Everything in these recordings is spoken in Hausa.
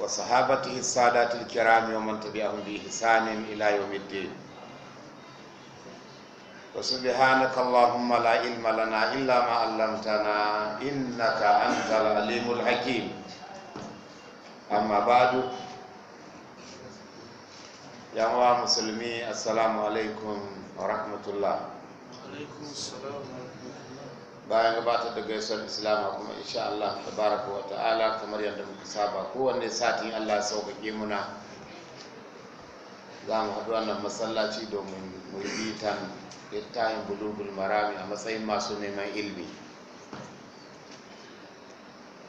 wa sahabatihi sadatil kiram wa man tabi'ahum bi ihsanin ila yawmiddin wa subhanaka allahumma la ilma lana illa ma 'allamtana innaka antal alimul hakim amma ba'du yawa musulmi assalamu alaikum wa wa bayan gabatar da gaisuwar islama kuma insha Allah tabaraka wa ta'ala kamar yadda muka saba kowanne satin Allah ya sauƙaƙe muna za mu haɗu wannan masallaci domin mu bitan littafin marami a matsayin masu neman ilmi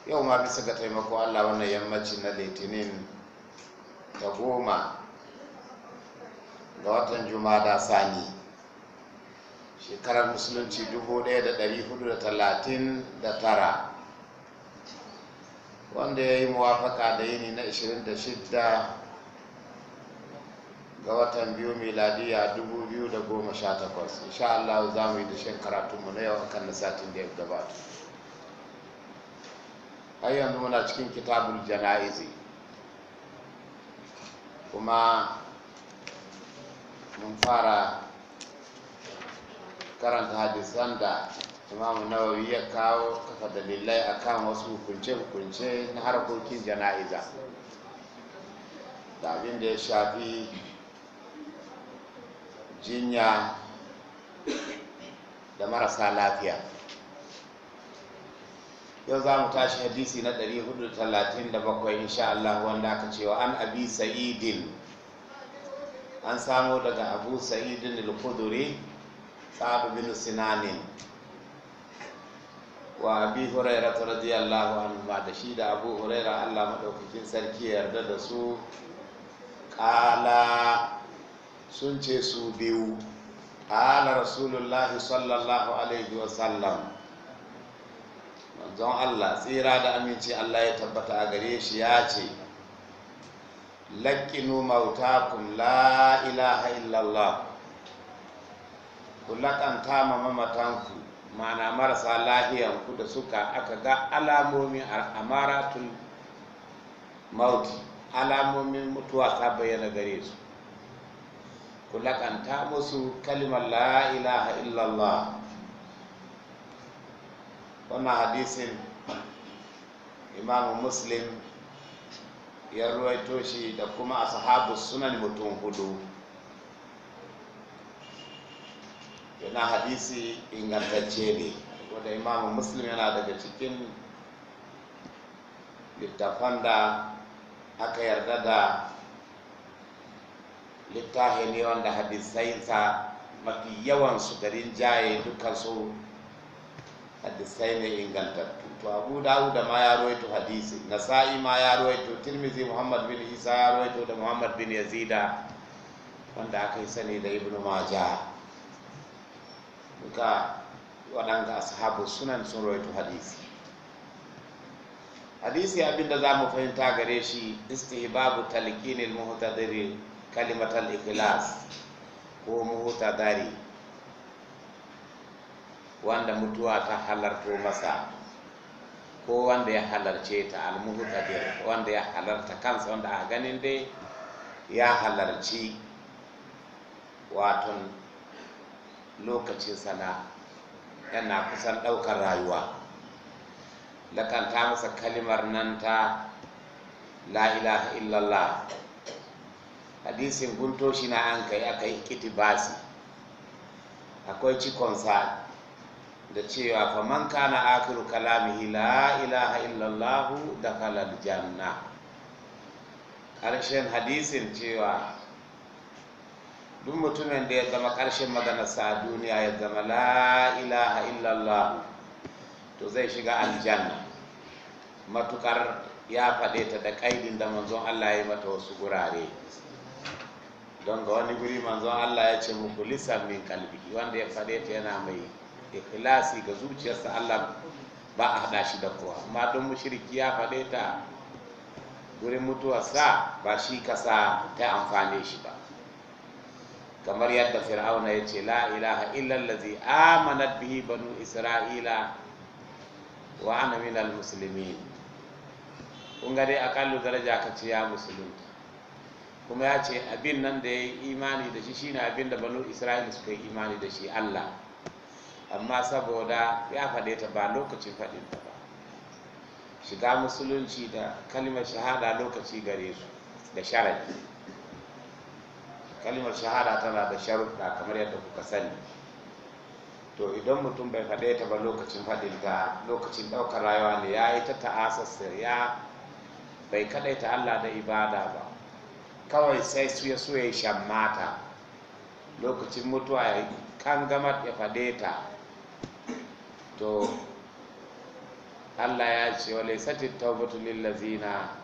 yau ma bisa ga taimako Allah wannan yammaci na litinin ta goma ga watan juma'a da sani shekarar musulunci 1439 wanda ya yi muwafaka da yini na 26 ga watan biyu miladiya 2018 insha Allah za mu yi da shan karatunmu na yau akan na satin da ya gabata har yanzu muna cikin kitabul jana'izi kuma mun fara karanta hadisan da imam nawawi ya kawo kafa dalilai a akan wasu hukunce-hukunce na harkokin jana'iza da abin da ya shafi jinya da marasa lafiya yau za mu tashi hadisi na 437 insha Allah wanda aka cewa an abi sa'idin an samu daga abu sa'idin al Sa'ad bin Sinanin wa Abi Huraira radiyallahu anhu ba da shi da Abu Huraira Allah madaukakin sarki ya yarda da su kala sun ce su biyu kala Rasulullahi sallallahu alaihi wa sallam manzon Allah tsira da aminci Allah ya tabbata a gare shi ya ce laqinu mautakum la ilaha illallah ku laƙanta ma mamatanku mana marasa lahiyanku da suka aka ga alamomin amaratun mauti alamomin mutuwa ta bayyana gare su ku laƙanta musu kalimar la ilaha illallah wannan hadisin imamu muslim ya ruwaito shi da kuma a sahabu sunan mutum hudu yana hadisi ingantacce ne wanda imamu muslim yana daga cikin littafan da aka yarda da littafi ne wanda hadisainsa mafi yawan su garin jaye dukkan su hadisai ne ingantattu to abu dawud ma ya rawaito hadisi nasa'i ma ya rawaito tirmizi muhammad bin isa ya rawaito da muhammad bin yazida wanda aka yi sani da ibnu majah ga waɗanda ashabu sunan sun rawaito hadisi hadisi abinda za mu fahimta gare shi istihbabu talqinil muhtadiri kalimatal ikhlas ko muhtadari wanda mutuwa ta halarto masa ko wanda ya halarce ta almuhtadir wanda ya halarta kansa wanda a ganin dai ya halarci waton lokacin sana yana kusan ɗaukar rayuwa lakanta masa kalimar nan ta la ilaha illallah hadisin guntoshi na an kai aka yi kitibasi akwai cikonsa da cewa faman kana akiru kalamihi la ilaha illallahu da janna ƙarshen hadisin cewa duk mutumin da ya zama ƙarshen maganarsa a duniya ya zama la ilaha illallah to zai shiga aljanna matukar ya faɗe ta da ƙaidin da manzon Allah ya yi mata wasu gurare don ga wani guri manzon Allah ya ce muku lissan min kalbi wanda ya faɗe ta yana mai ikhlasi ga zuciyarsa Allah ba a haɗa shi da kowa amma don mushriki ya faɗe ta gurin mutuwarsa ba shi kasa ta amfane shi ba kamar yadda fir'auna ya ce la ilaha illallazi amanat bihi banu isra'ila wa ana minal musulmin kun ga dai akallu daraja ka ce ya musulunta kuma ya ce abin nan da ya yi imani da shi shine abin da banu isra'ila suka yi imani da shi allah amma saboda ya faɗe ta ba lokacin faɗin ta ba shiga musulunci da kalmar shahada lokaci gare su da sharadi Kalimar shahada tana da sharuɗa kamar yadda kuka sani to idan mutum bai faɗe ta ba lokacin faɗin ta lokacin ɗaukar rayuwa ne ya yi ta ta'asassa ya bai kaɗaita Allah da ibada ba kawai sai su ya so ya shammata lokacin mutuwa ya kan gama ya faɗe ta to Allah ya ce wa laysat taubatu lillazina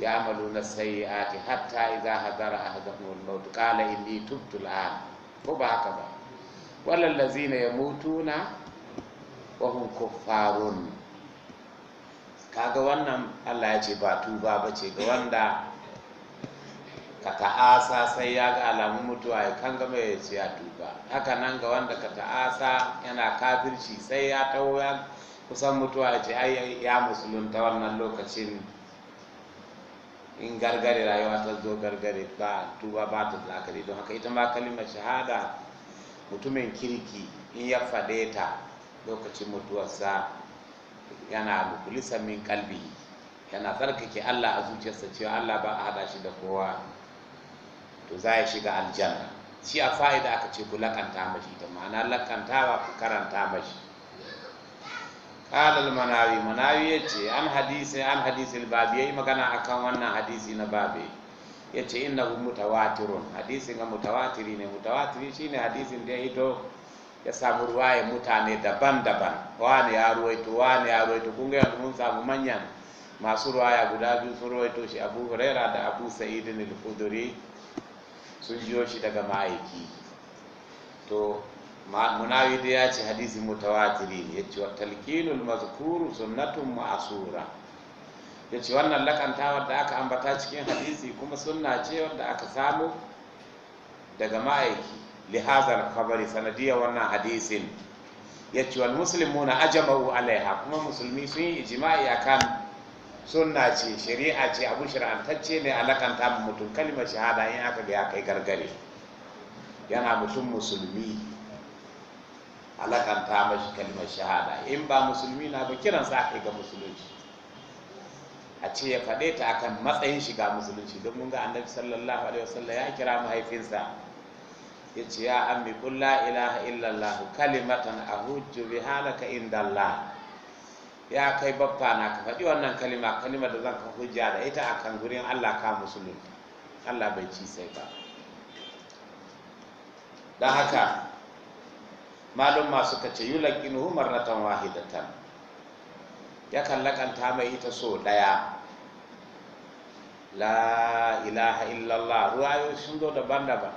يعملون السيئات حتى إذا حضر أحدهم الموت قال إني تبت الآن وبهكذا ولا الذين يموتون وهم كفار kaga wannan Allah ya ce ba tuba ba ce ga wanda ka ta'asa sai ya ga alamun mutuwa ya kan gama ya ce ya tuba haka nan ga wanda ka ta'asa yana kafirci sai ya taho ya kusan mutuwa ya ce ai ya musulunta wannan lokacin in gargare rayuwa ta zo gargare ba tuba ba ta zakari don haka ita ma kalimar shahada mutumin kirki in ya fade ta lokacin mutuwarsa yana mukulisa min kalbi yana tsarkake Allah a zuciyarsa cewa Allah ba a hada shi da kowa to za ya shiga aljanna shi a fa'ida aka ce ku lakanta mashi ita ma'ana lakantawa ku karanta mashi قال المناوي مناوي يتي عن حديث عن حديث الباب يي مغانا اكن wannan hadisi na babe yace innahu mutawatirun hadisin ga mutawatiri ne mutawatiri shine hadisin da hito ya samu ruwaye mutane daban-daban wani ya to wani ya to kun ga mun samu manyan masu ruwaya guda biyu sun to shi Abu Huraira da Abu Sa'id al-Khudri sun jiyo shi daga ma'aiki to munawidi ya ce hadisi mutawatiri ya ce talkinul mazkuru sunnatun ma'asura ya ce wannan lakantawar da aka ambata cikin hadisi kuma sunna ce wadda aka samu daga ma'aiki lihazar kabari sanadiyar wannan hadisin ya ce wal na ajma'u alaiha kuma musulmi sun yi a akan sunna ce shari'a ce abu shirantacce ne a lakanta mutum kalmar shahada in aka ga ya kai gargare yana mutum musulmi alakanta mashi kalmar shahada in ba musulmi na ba kiran sa kai ga musulunci a ce ya faɗe ta akan matsayin shiga musulunci don mun ga annabi sallallahu alaihi wasallam ya kira mahaifinsa ya ce ya ammi qul la ilaha illallah kalimatan ahujju biha laka indallah ya kai baffa na ka faɗi wannan kalima kalimar da zan ka hujja da ita akan gurin Allah ka musulunci. Allah bai ci sai ba don haka malum ma suka ce yulaqinuhu marratan wahidatan yakan lakanta mai ita so daya la ilaha illallah ruwayo sun zo daban-daban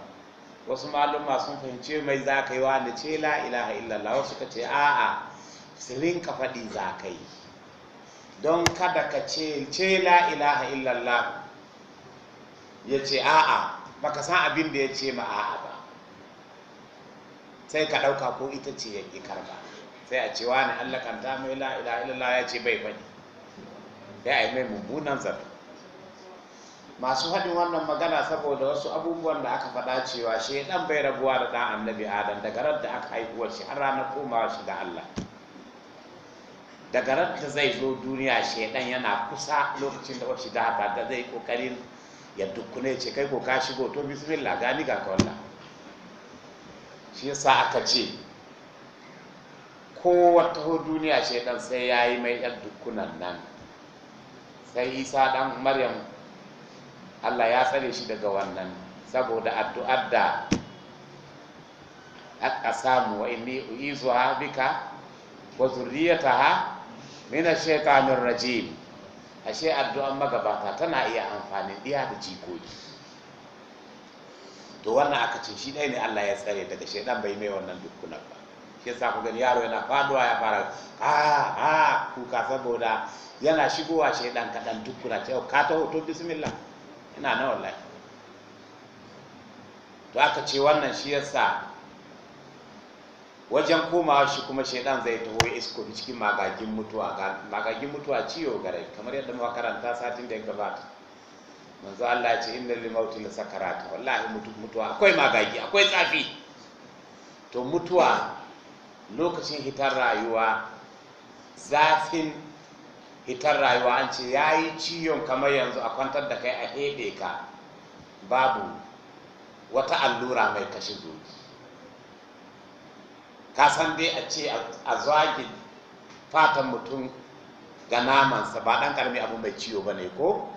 wasu malumma sun fahimci mai za ka yi wani ce la ilaha illallah wasu ka ce a'a sirin ka faɗi za ka yi don kada ka ce ce la ilaha illallah ya ce a'a baka san abin da ya ce ma a'a sai ka ɗauka ko ita ce ya ƙi karba sai a cewa ne Allah kan ta mai la ya ce bai bane sai a yi mai mummunan zato masu haɗin wannan magana saboda wasu abubuwan da aka faɗa cewa shi ɗan bai rabuwa da ɗan annabi adam daga ran da aka haihuwar shi har ranar komawa shi ga Allah daga ran da zai zo duniya shi ɗan yana kusa lokacin da wasu da da zai kokarin ya dukkune ce kai ko ka shigo to bismillah gani ga ka shi yasa aka ce ko wata duniya dan sai ya yi mai yan dukkunan nan sai isa dan maryam allah ya tsare shi daga wannan saboda addu'ar da aka samu wa inni ha bika wa zurriyataha min ash-shaytanir rajim ashe addu'an magabata tana iya amfani iya da jikoki to wannan aka ce shi ɗaya ne Allah ya tsare daga shaidan bai mai wannan dukkunan ba shi yasa ku gani yaro yana faduwa ya fara a a kuka saboda yana shigowa shaidan kaɗan dukkuna ta ka ta hoto bismillah ina na wallahi to aka ce wannan shi yasa wajen komawa shi kuma shaidan zai taho ya isko cikin magagin mutuwa magagin mutuwa ciwo gare kamar yadda muka karanta satin da ya gabata manzo Allah ya ce innal limauti mauti la sakarat wallahi mutuwa akwai magagi akwai tsafi to mutuwa lokacin hitar rayuwa zafin hitar rayuwa an ce yayi ciyon kamar yanzu a kwantar da kai a hede ka babu wata allura mai kashe zuci ka san dai a ce a zagi fatan mutum ga namansa ba ɗan ƙarami abu mai ciwo bane ko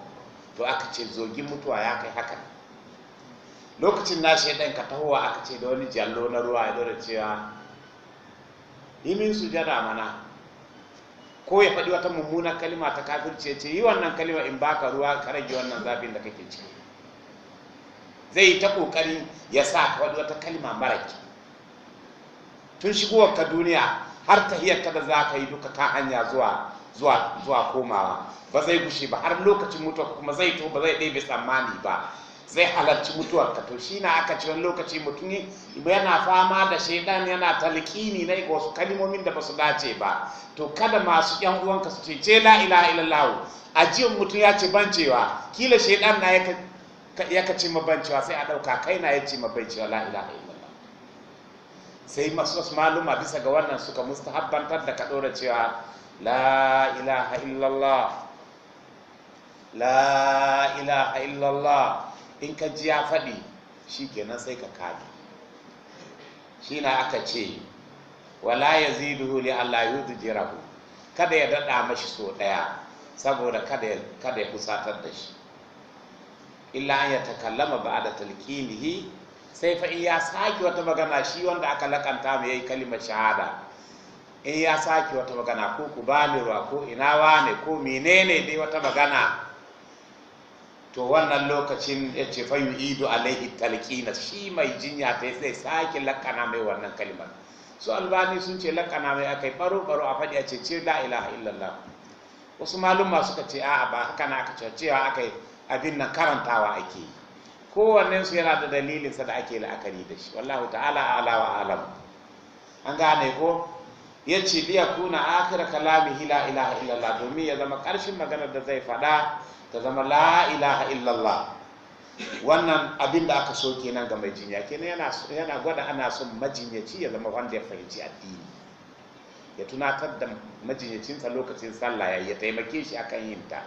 to aka ce zogin mutuwa ya kai haka lokacin na ɗan ka tahowa aka ce da wani jallo na ruwa ya dora cewa Imin su sujada mana ko ya faɗi wata mummunan kalima ta kafin ce yi wannan kalima in baka ruwa ka rage wannan zafin da kake ciki zai yi ta ƙoƙari ya sa ka faɗi wata kalima mara ki. tun shigowar ka duniya har tahiyar ka da za ka yi duka ka hanya zuwa zuwa zuwa komawa ba zai gushe ba har lokacin mutuwa kuma zai to ba zai ɗebe tsammani ba zai halarci mutuwa ka to shi na aka ci wani lokaci mutum yana fama da shaidan yana talqini na wasu kalimomin da ba su dace ba to kada masu yan uwanka su ce ce la ilaha illallah ajiyar mutum ya ce bancewa kila shaidan na ya ka ce bancewa sai a ɗauka kai na ya ce bancewa la ilaha illallah sai masu wasu maluma bisa ga wannan suka mustahabbantar da ka ɗora cewa la ilaha illallah la ilaha illallah in ka ji ya faɗi shi nan sai ka kame shi na aka ce wala ya ziduhu li Allah kada ya daɗa mashi so ɗaya saboda kada ya kusatar da shi illa an ya takallama da talƙilihi sai fa in ya sake wata magana shi wanda aka lakanta mai yayi kalimar shahada in ya sake wata magana ko ku bani ruwa ko ina wane ko menene dai wata magana to wannan lokacin ya ce fa a alaihi talqina shi mai jinya ta sai sake lakana mai wannan kalmar su albani sun ce lakana mai akai baro baro a fadi a ce ce la ilaha illallah wasu maluma suka ce a'a ba haka na aka ce cewa akai abin nan karantawa ake yi kowannen su yana da dalilinsa da ake la'akari da shi wallahu ta'ala ala wa alam an gane ko ya ce liya kuna akira kalamihi la ilaha illallah domin ya zama karshen maganar da zai faɗa ta zama la ilaha illallah wannan abin da aka so kenan ga mai jinya kenan yana gwada ana son majinyaci ya zama wanda ya fahimci addini ya tunatar da majinyacinsa lokacin sallah ya taimake shi akan yin ta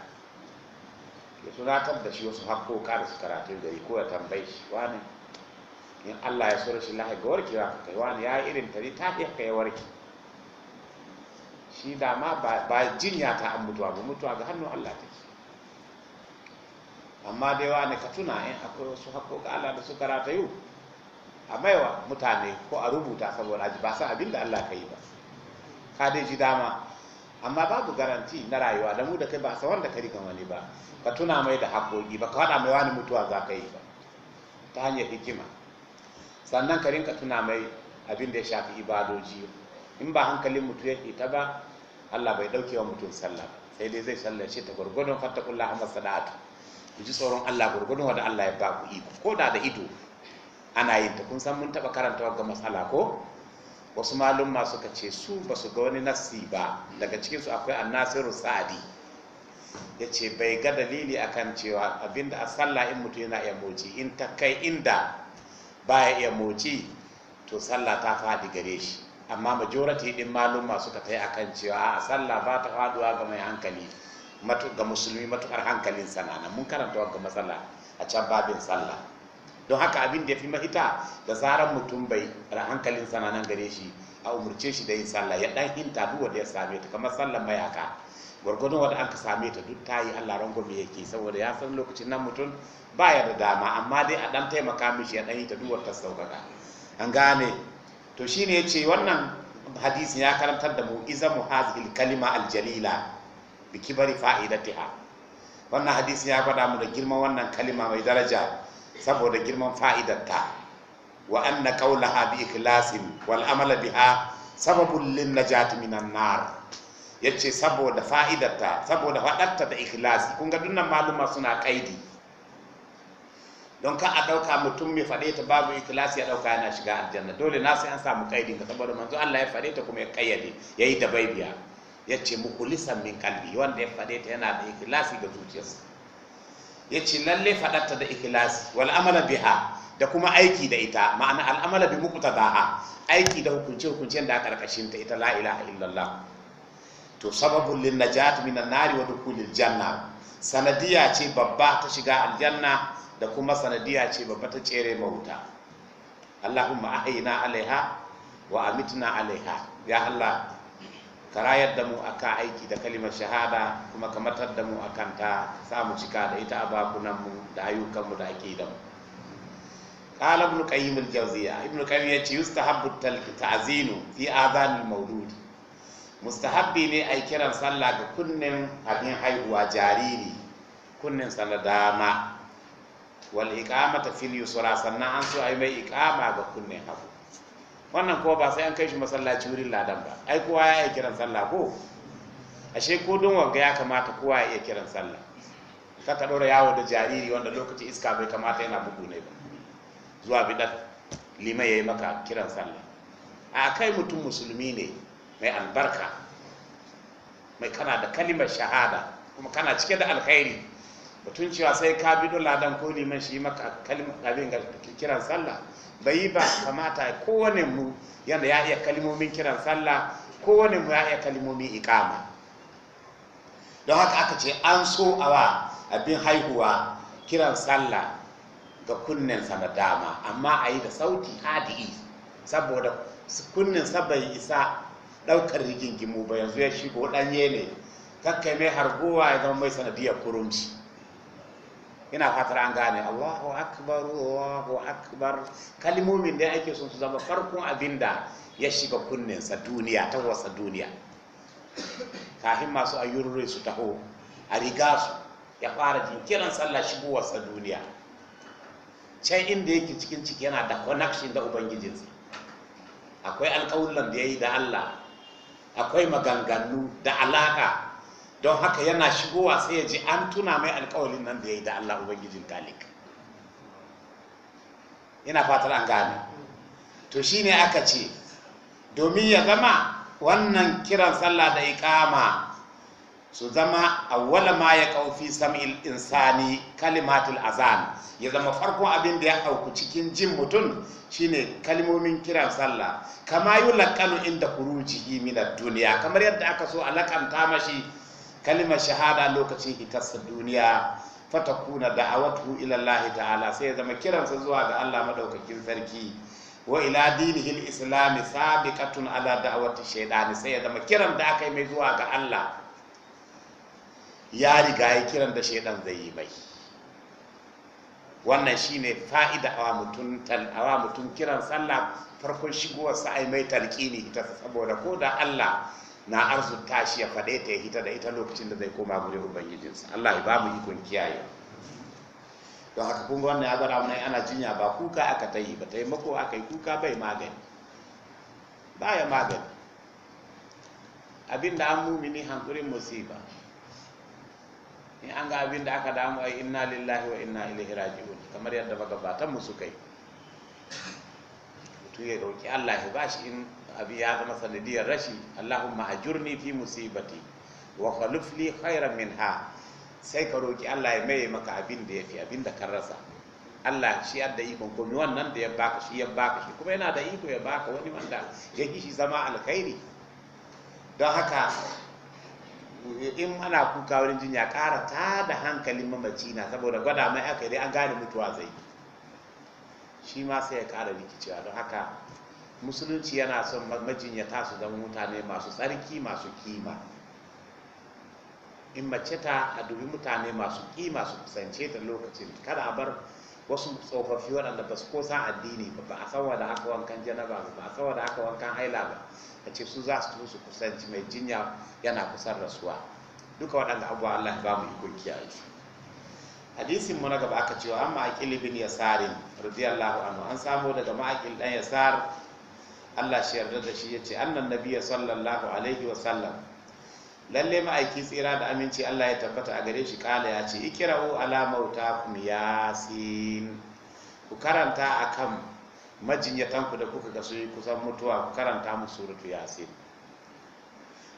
ya tunatar da shi wasu hakkoka da su karatu gari ko ya tambayi shi wani in Allah ya so rashin lahi ga warkewa ka kai wani ya irin tari ta fi ka ya warke shi dama ba jinya ta an mutuwa ba mutuwa ga hannun Allah take amma da yawa ne ka tuna in akwai wasu haƙoƙa Allah da suka ratayu a maiwa mutane ko a rubuta saboda ba sa abin da Allah ka yi ba ka dai ji dama amma babu garanti na rayuwa da mu da kai ba sa wanda ka rika wani ba ka tuna mai da haƙoƙi ba ka faɗa mai wani mutuwa za ka yi ba ta hanyar hikima sannan ka rinka tuna mai abin da ya shafi ibadoji in ba hankalin mutu yake ta ba Allah bai dauke wa mutum sallah sai dai zai shi ta gurgurdun fattakullah amma sana'atu ku ji tsoron Allah gurgurdun wanda Allah ya ba ku iko ko da da ido ana yin ta kun san mun taba karanta ga matsala ko wasu ma suka ce su ba su ga wani nassi ba daga cikinsu akwai annasiru sa'adi ya ce bai ga dalili akan cewa abinda a sallah in mutum yana iya moci in ta kai inda baya iya moci to sallah ta faɗi gare shi amma majority din maluma suka ta yi a kan cewa a sallah ba ta faduwa ga mai hankali ga musulmi matukar hankalin sana mun karanta ga matsala a can babin sallah don haka abin da ya fi mahita da zarar mutum bai hankalin sana gare shi a umurce shi da yin sallah ya dan hinta duk wanda ya same ta kamar sallar mayaka gwargwadon wanda aka same ta duk ta yi allah mai yake saboda ya san lokacin nan mutum ba ya da dama amma dai a dan taimaka mishi ya dan yi ta duk ta sauƙaƙa an gane to shine ce wannan hadisi ya karantar da mu iza mu hazil kalima aljalila bi kibari fa'idatiha wannan hadisi ya faɗa mu da girman wannan kalima mai daraja saboda girman fa'idarta wa anna qawlaha bi ikhlasin wal amala biha sababun lin najati minan nar yace saboda fa'idarta saboda fadarta da ikhlasi kun ga dunnan maluma suna kaidi don ka a ɗauka mutum mai faɗe ta babu ikilasi ya ɗauka yana shiga aljanna dole na sai an samu kaidin ka saboda manzo Allah ya faɗe ta kuma ya kayyade ya yi dabaibiya ya ce mukulisan min kalbi wanda ya faɗe ta yana da ikilasi ga zuciyarsa ya ce lalle faɗarta da ikilasi wal amala biha da kuma aiki da ita ma'ana al'amala bi muqtadaha aiki da hukunce hukuncen da karkashin ta ita la ilaha illallah to sababul lin najat minan nari wa dukhulil janna sanadiya ce babba ta shiga aljanna da kuma sanadiyya ce babba ta tsere mauta Allahumma ahina alaiha wa amitna alaiha ya Allah ka rayar da mu aka aiki da kalimar shahada kuma ka matar da mu akan ta samu cika da ita a bakunan mu da ayyukan mu da ake da mu qala ibn qayyim al-jawziya ibn qayyim ce, yustahabbu ta'zinu fi adhan al-mawlud mustahabbi ne a kiran sallah ga kunnen abin haihuwa jariri kunnen sa dama wal iqamata fil yusra sannan an so ai mai iqama ga kunne hagu wannan ko ba sai an kai shi masallaci wurin ladan ba ai kowa ya iya kiran sallah ko ashe ko don wanga ya kamata kowa ya iya kiran sallah ka ka dora yawo da jariri wanda lokaci iska bai kamata yana bugu ne ba zuwa bidan lima yayi maka kiran sallah a kai mutum musulmi ne mai albarka mai kana da kalimar shahada kuma kana cike da alkhairi batun cewa sai ka bi don ladan ko neman shi maka abin ga kiran sallah bai yi ba kamata kowane mu yadda ya iya kalmomin kiran sallah kowane mu ya iya kalmomin ikama don haka aka ce an so a wa abin haihuwa kiran sallah ga kunnen sa dama amma a yi da sauti hadi saboda kunnen sa bai isa ɗaukar rigingimu ba yanzu ya shigo ɗanye ne kakkai mai hargowa ya zama mai sanadiyar kurumci ina fatar an gane Allahu akbar Allahu akbar kalmomin da ake son su zama farkon abinda ya shiga sa duniya ta wasa duniya kafin masu ayyurure su taho a riga su ya fara jinkirin sallah wasa duniya can inda yake cikin ciki yana da connection da ubangijinsa akwai alƙawullan da ya yi da Allah akwai maganganu da alaƙa don haka yana shigowa sai ya ji an tuna mai alkawarin nan da ya yi da Allah Ubangijin talik ina fatar an gane to shine aka ce domin ya zama wannan kiran sallah da kama su zama awwala ma ya kaufi sam'il insani kalimatul azan ya zama farkon abin da ya auku cikin jin mutum shine kalimomin kiran sallah kama yulaqanu inda khurujihi min ad-dunya kamar yadda aka so a lakanta mashi Kalimar shahada lokacin hitarsa duniya fata fatakuna da'awatuhu ila Allah ta'ala sai ya zama kiransa zuwa ga Allah madaukakin sarki wa ila dinihil islam sabiqatun ala da'awati shaytan sai ya zama kiran da aka yi mai zuwa ga Allah ya riga ya kiran da shaytan zai yi mai wannan shine fa'ida awa mutum kiran sallah farkon shigowar sa ai mai talqini ita saboda ko da Allah na arzuta shi ya faɗe ta ya hita da ita lokacin da zai koma gurin ubangijinsa Allah ya ba mu ikon kiyaye don haka kun wannan ya gwada wani ana jinya ba kuka aka ta yi ba taimako aka yi kuka bai magani ya magani abinda an mumini hankurin musiba in an ga abin da aka damu ai inna lillahi wa inna ilaihi raji'un kamar yadda magabatan mu su kai. mutum ya dauki Allah ya bashi in abi ya zama sanadiyar rashi Allahumma ajurni fi musibati wa khalif li khairan minha sai ka roki Allah ya maye maka abin da yafi abin da kan rasa Allah shi da iko komai wannan da ya baka shi ya baka shi kuma yana da iko ya baka wani wanda ya shi zama alkhairi don haka in ana kuka wurin jinya kara ta da hankalin mamaci na saboda gwada mai aka dai an gane mutuwa zai yi shi ma sai ya kara rikicewa don haka musulunci yana son majinyata su zama mutane masu tsarki masu kima in mace ta a dubi mutane masu kima su kusance ta lokacin kada a bar wasu tsofaffi waɗanda ba su ko san addini ba ba a san wanda aka wankan janaba ba ba a san wanda aka wankan haila ba a ce su za su su kusanci mai jinya yana kusan rasuwa duka waɗanda abuwa Allah ba mu iko kiyaye su hadisin mu na gaba aka cewa an ma'aƙil ibn yasar radiyallahu anhu an samo daga ma'aƙil dan yasar Allah shi yarda da shi yace ce annan nabiyya sallallahu alaihi wa sallam lalle ma'aiki tsira da aminci Allah ya tabbata a gare shi kala ya ce ikra'u ala mautakum yasin ku karanta akan ku da kuka ga su kusan mutuwa ku karanta mu suratu yasin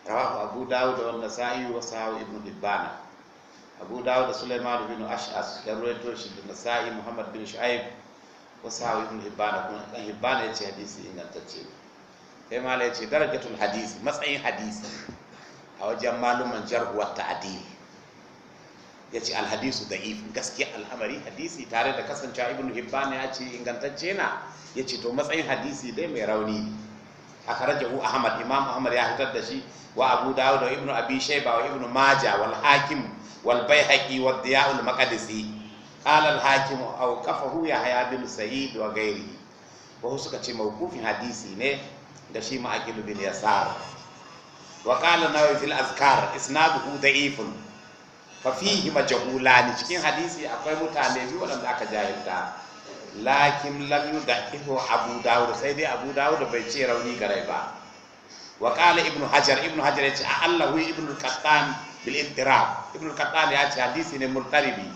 rawahu abu dawud wa nasa'i wa sahawi ibn dibbana abu dawud da suleiman bin ash'as ya ruwaito shi da nasa'i muhammad bin shu'aib wa sahawi ibn hibban kuma dan hibban ya ce hadisi ingantacce ne kai mala ya ce darajatul hadisi matsayin hadisi a wajen maluman jarhu wa ta'dil ya ce alhadisu da ifin gaskiya al'amari hadisi tare da kasancewa ibn hibban ya ce ingantacce na ya ce to matsayin hadisi dai mai rauni akhrajahu ahmad imam ahmad ya fitar da shi wa abu dawud wa ibnu abi shayba wa ibnu maja wal hakim wal baihaqi wa diya'ul maqdisi qala al hakim aw kafahu yahya bin Sayyid wa ghairihi wa suka ce mawqufin hadisi ne da shi ma'aqil bin yasar wa qala askar, fil azkar isnaduhu da'ifun fa fihi majhulan cikin hadisi akwai mutane biyu wanda aka jahilta lakin lam ihu abu dawud sai dai abu dawud bai ce rauni garai ba wa qala ibnu hajar ibnu hajar yace a allahu ibnu qattan bil ittirab ibnu qattan ya ce hadisi ne murtaribi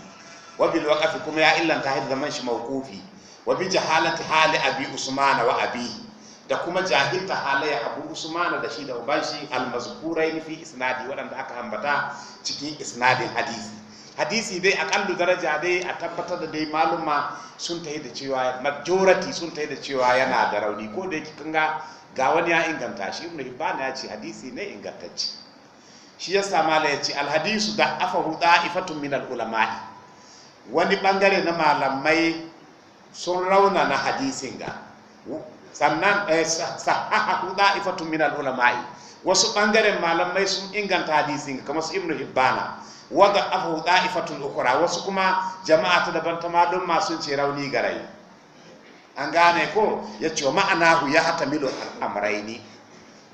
wa bil waqf kuma ya illanta hadda man shi mawqufi wa bi jahalati hali abi usman wa abi da kuma jahilta halayya abu usman da shi da uban shi al mazkurain fi isnadi wadanda aka ambata cikin isnadin hadisi hadisi dai a kallu daraja dai a tabbatar da dai maluma sun ta da cewa majority sun ta da cewa yana da rauni ko da yake kanga ga wani ya inganta shi ibnu hibban ya ce hadisi ne ingantacce shi ya sa mala ya ce alhadisu da huda da'ifatun min ulama'i wani bangare na malamai sun rauna na hadisin ga sannan eh, sahahahu da'ifatun min ulama'i wasu bangaren malamai sun inganta hadisin kamar su ibnu hibbana waga afahu da'ifatul u'kura, wasu kuma jama'a ta daban ta ma don masu ce rauni garai an gane ko ya ce ma'anahu ya hata hatamilu amraini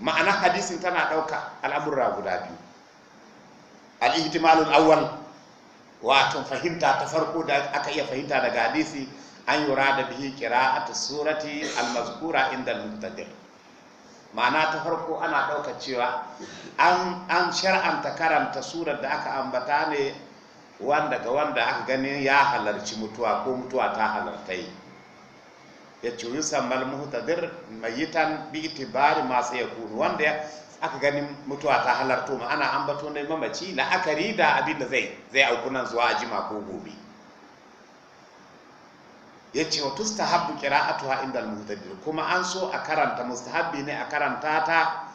ma'ana hadisin tana dauka al'amurra guda biyu al-ihtimalul awwal wato fahimta ta farko da aka iya fahimta daga hadisi an yura da bihi qira'atu surati al-mazkura inda al ma'ana ta farko ana ɗauka cewa an shar'anta karanta surar da aka ambata ne wanda ga wanda aka ganin ya halarci mutuwa ko mutuwa ta halartai ya ce yusammal muhtadir mayitan bi bari masu ya kunu wanda aka ganin mutuwa ta halarto ma ana ambato ne mamaci la'akari da abin da zai zai aukunan zuwa a jima ko gobe ya ce wa tustahabbu qira'atuha inda al kuma an so a karanta mustahabbi ne a karanta ta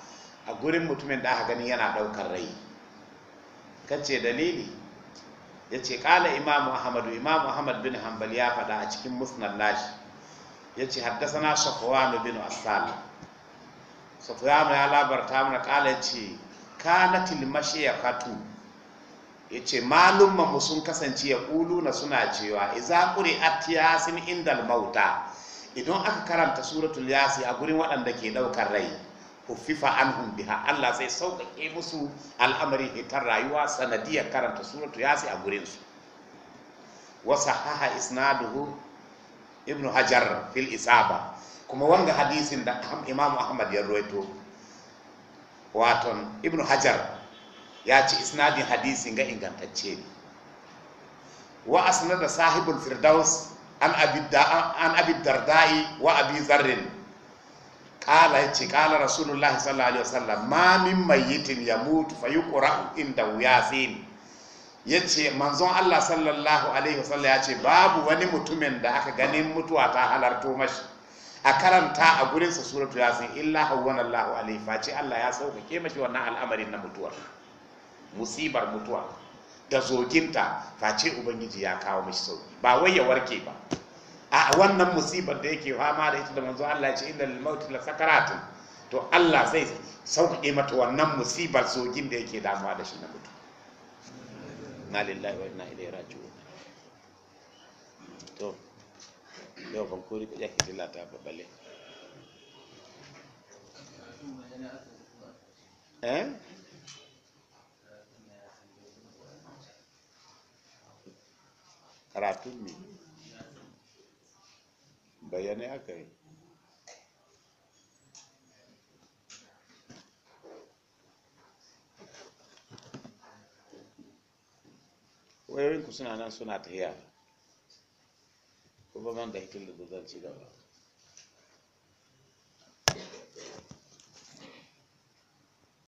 a gurin mutumin da aka gani yana daukar rai kace dalili ya ce kala imam ahmad imam ahmad bin Hambali ya fada a cikin musnad nashi ya ce haddasana safwan bin asal safwan ya labarta mana kala ya ce kanatil mashiyakatu ya ce malummanmu sun kasance ya na suna cewa iza kuri at yasin indal mauta idan aka karanta suratul yasi a gurin waɗanda ke ɗaukar rai an anhum biha Allah zai sauƙaƙe musu al'amari hitar rayuwa sanadiyar karanta suratul yasi a gurin su haha isna isnaduhu ibnu hajar fil isaba kuma wanga hadisin da imam ahmad ya ruwaito waton ibnu hajar ya ce isnadin hadisin ga ingantacce ne wa da sahibul firdaus an abi dardai wa abi zarrin kala ce kala rasulullah sallallahu alaihi wasallam ma min mayyitin yamutu fa yuqra inda yasin yace manzon Allah sallallahu alaihi wasallam yace babu wani mutumin da aka ganin mutuwa ta halarto mashi a karanta a gurinsa suratu yasin illa hawwana Allahu alaihi face Allah ya sauƙaƙe mashi wannan al'amarin na mutuwar musibar mutuwa da zoginta face ubangiji ya kawo mishi sauki ba wai ya warke ba a wannan musibar da yake fama da ita da manzo Allah ce inna lil mauti la sakaratun to Allah zai sauke mata wannan musibar zogin da yake damuwa da shi na mutu na lillahi wa inna ilaihi raji'un to yau ban kuri ya ke ta balle eh karatun ne bayanai aka yi wayoyinku suna nan suna tahiya kuma man da hitar da zan ci gaba